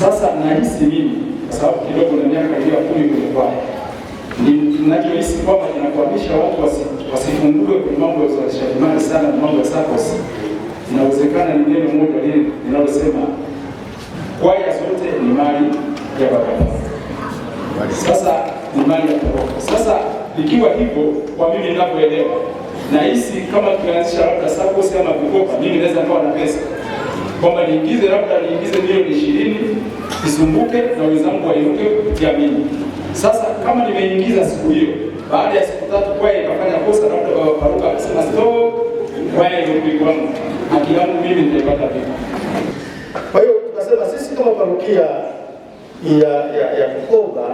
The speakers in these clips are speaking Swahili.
Sasa nahisi mimi kwa sababu kidogo na miaka hiyo kumi kwa ni ninachohisi kwamba kinakwamisha watu wasifungue kwenye mambo ya uzalishaji mali sana na mambo ya SACCOS. Inawezekana ni neno moja lile linalosema kwaya zote ni mali ya baba sasa ni mali ya kiroho. Sasa ikiwa hivyo, kwa mimi ninavyoelewa, nahisi kama tukianzisha labda SACCOS ama kukopa, mimi naweza nikawa na pesa kwamba niingize labda niingize milioni ishirini isumbuke na wenzangu wainuke kiamini. Sasa kama nimeingiza siku hiyo, baada ya siku tatu kwaya ikafanya kosa, labda baba Faruka akasema stop, kwaya irudi kwangu, haki yangu mimi nitaipata vipi? Kwa hiyo tunasema sisi kama parukia ya ya, ya Bukoba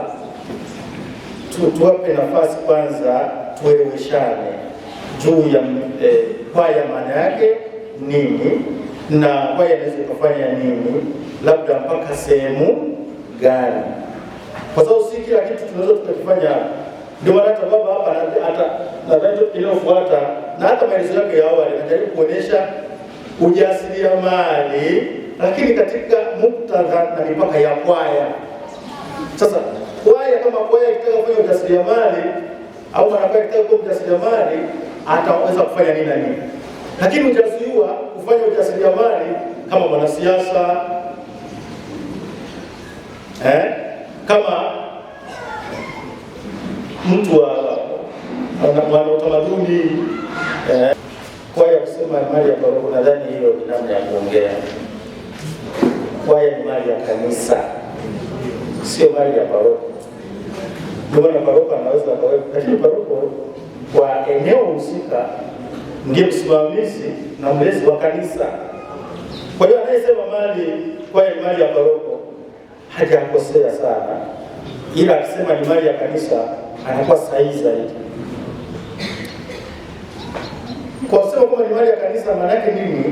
tu, tuwape nafasi kwanza, tueleweshane juu ya eh, kwaya maana yake nini na kwaya inaweza kufanya nini, labda mpaka sehemu gani, kwa sababu si kila kitu tunaweza tukakifanya. Ndio maana hata baba hapa hata nadhani inayofuata na hata maelezo yake ya awali anajaribu kuonyesha ujasiriamali, lakini katika muktadha na mipaka ya kwaya. Sasa kwaya kama kwaya ikitaka kufanya ujasiriamali au mwanakwaya ikitaka kuwa mjasiriamali ataweza kufanya nini na nini? Lakini utazuiwa kufanya ujasiriamali kama mwanasiasa eh, kama mtu wa utamaduni eh. Kwaya kusema mali ya paroko, nadhani hiyo ni namna ya kuongea. Kwaya ni mali ya kanisa, sio mali ya paroko. Ndio maana paroko anaweza, lakini paroko kwa eneo husika ndiye msimamizi na mlezi wa kanisa. Kwa hiyo anayesema mali kwa mali ya paroko hajakosea sana, ila akisema ni mali ya kanisa anakuwa sahihi zaidi. Kwa kusema kwamba ni mali ya kanisa, maana yake nini?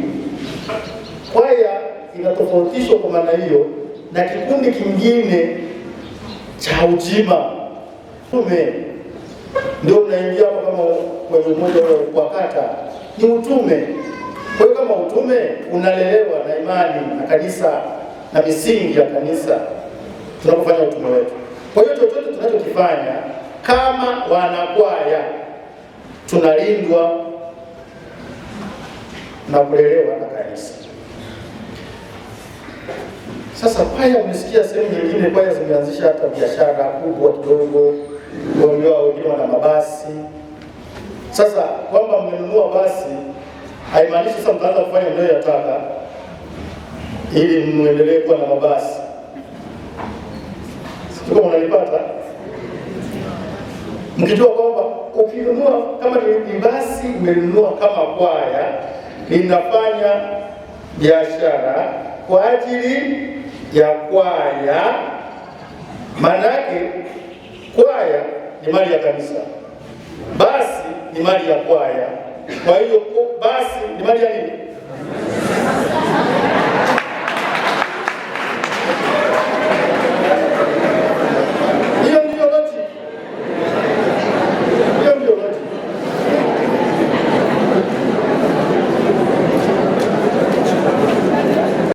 Kwaya inatofautishwa kwa maana hiyo na kikundi kingine cha ujima tume ndio mnaingia hapo kama kwenye umoja wa kata, ni utume. Kwa hiyo kama utume unalelewa na imani na kanisa na misingi ya kanisa tunapofanya utume wetu. Kwa hiyo chochote tunachokifanya kama wanakwaya tunalindwa na kulelewa na kanisa. Sasa kwaya, umesikia sehemu nyingine kwaya zimeanzisha hata biashara kubwa kidogo kuondoa wengine wana mabasi. Sasa kwamba mmenunua basi haimaanishi sasa mtaanza kufanya mnayoyataka ili mwendelee kuwa na mabasi. Sikuwa mnanipata? Mkijua kwamba ukinunua kama ni basi mmenunua kama kwaya, linafanya biashara kwa ajili ya kwaya, maanake Kwaya ni mali ya kanisa, basi ni mali ya kwaya. Kwa hiyo basi ni mali ya nini?